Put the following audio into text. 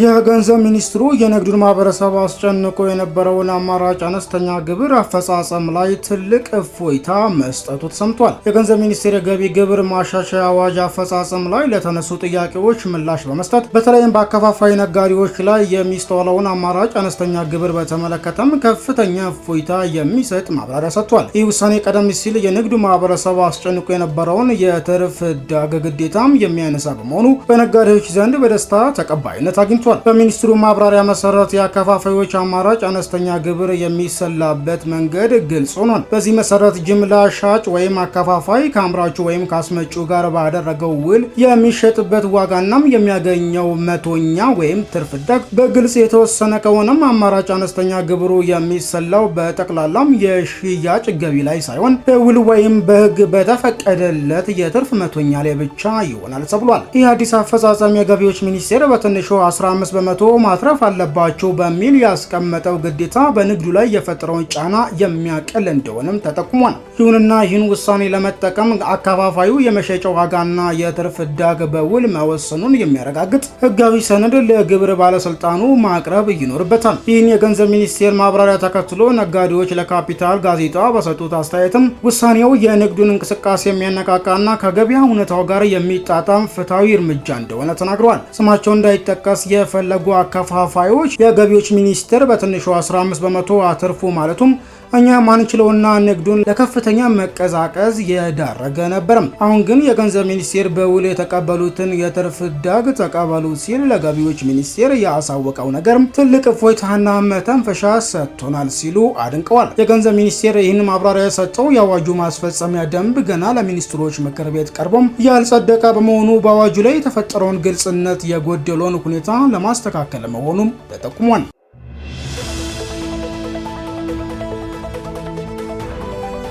የገንዘብ ሚኒስትሩ የንግዱን ማህበረሰብ አስጨንቆ የነበረውን አማራጭ አነስተኛ ግብር አፈጻጸም ላይ ትልቅ እፎይታ መስጠቱ ተሰምቷል። የገንዘብ ሚኒስቴር የገቢ ግብር ማሻሻያ አዋጅ አፈጻጸም ላይ ለተነሱ ጥያቄዎች ምላሽ በመስጠት በተለይም በአከፋፋይ ነጋዴዎች ላይ የሚስተዋለውን አማራጭ አነስተኛ ግብር በተመለከተም ከፍተኛ እፎይታ የሚሰጥ ማብራሪያ ሰጥቷል። ይህ ውሳኔ ቀደም ሲል የንግዱ ማህበረሰብ አስጨንቆ የነበረውን የትርፍ ህዳግ ግዴታም የሚያነሳ በመሆኑ በነጋዴዎች ዘንድ በደስታ ተቀባይነት አግኝቷል። ተሰምቷል። በሚኒስትሩ ማብራሪያ መሰረት የአከፋፋዮች አማራጭ አነስተኛ ግብር የሚሰላበት መንገድ ግልጽ ሆኗል። በዚህ መሰረት ጅምላ ሻጭ ወይም አከፋፋይ ከአምራቹ ወይም ካስመጩ ጋር ባደረገው ውል የሚሸጥበት ዋጋናም የሚያገኘው መቶኛ ወይም ትርፍ ደግ በግልጽ የተወሰነ ከሆነም አማራጭ አነስተኛ ግብሩ የሚሰላው በጠቅላላም የሽያጭ ገቢ ላይ ሳይሆን በውል ወይም በህግ በተፈቀደለት የትርፍ መቶኛ ላይ ብቻ ይሆናል ተብሏል። ይህ አዲስ አፈጻጸም የገቢዎች ሚኒስቴር በትንሹ 1 15 በመቶ ማትረፍ አለባቸው በሚል ያስቀመጠው ግዴታ በንግዱ ላይ የፈጠረውን ጫና የሚያቀል እንደሆነም ተጠቁሟል። ይሁንና ይህን ውሳኔ ለመጠቀም አካፋፋዩ የመሸጫ ዋጋና የትርፍ ህዳግ በውል መወሰኑን የሚያረጋግጥ ህጋዊ ሰነድ ለግብር ባለስልጣኑ ማቅረብ ይኖርበታል። ይህን የገንዘብ ሚኒስቴር ማብራሪያ ተከትሎ ነጋዴዎች ለካፒታል ጋዜጣ በሰጡት አስተያየትም ውሳኔው የንግዱን እንቅስቃሴ የሚያነቃቃና ከገበያ እውነታው ጋር የሚጣጣም ፍትሐዊ እርምጃ እንደሆነ ተናግረዋል። ስማቸው እንዳይጠቀስ የ የፈለጉ አከፋፋዮች የገቢዎች ሚኒስቴር በትንሹ 15 በመቶ አትርፉ ማለቱም እኛ ማንችለውና ንግዱን ለከፍተኛ መቀዛቀዝ የዳረገ ነበርም። አሁን ግን የገንዘብ ሚኒስቴር በውል የተቀበሉትን የትርፍ ዳግ ተቀበሉ ሲል ለገቢዎች ሚኒስቴር ያሳወቀው ነገር ትልቅ እፎይታና መተንፈሻ ሰጥቶናል ሲሉ አድንቀዋል። የገንዘብ ሚኒስቴር ይህን ማብራሪያ የሰጠው የአዋጁ ማስፈጸሚያ ደንብ ገና ለሚኒስትሮች ምክር ቤት ቀርቦም ያልጸደቀ በመሆኑ በአዋጁ ላይ የተፈጠረውን ግልጽነት የጎደለውን ሁኔታ ለማስተካከል መሆኑም ተጠቁሟል።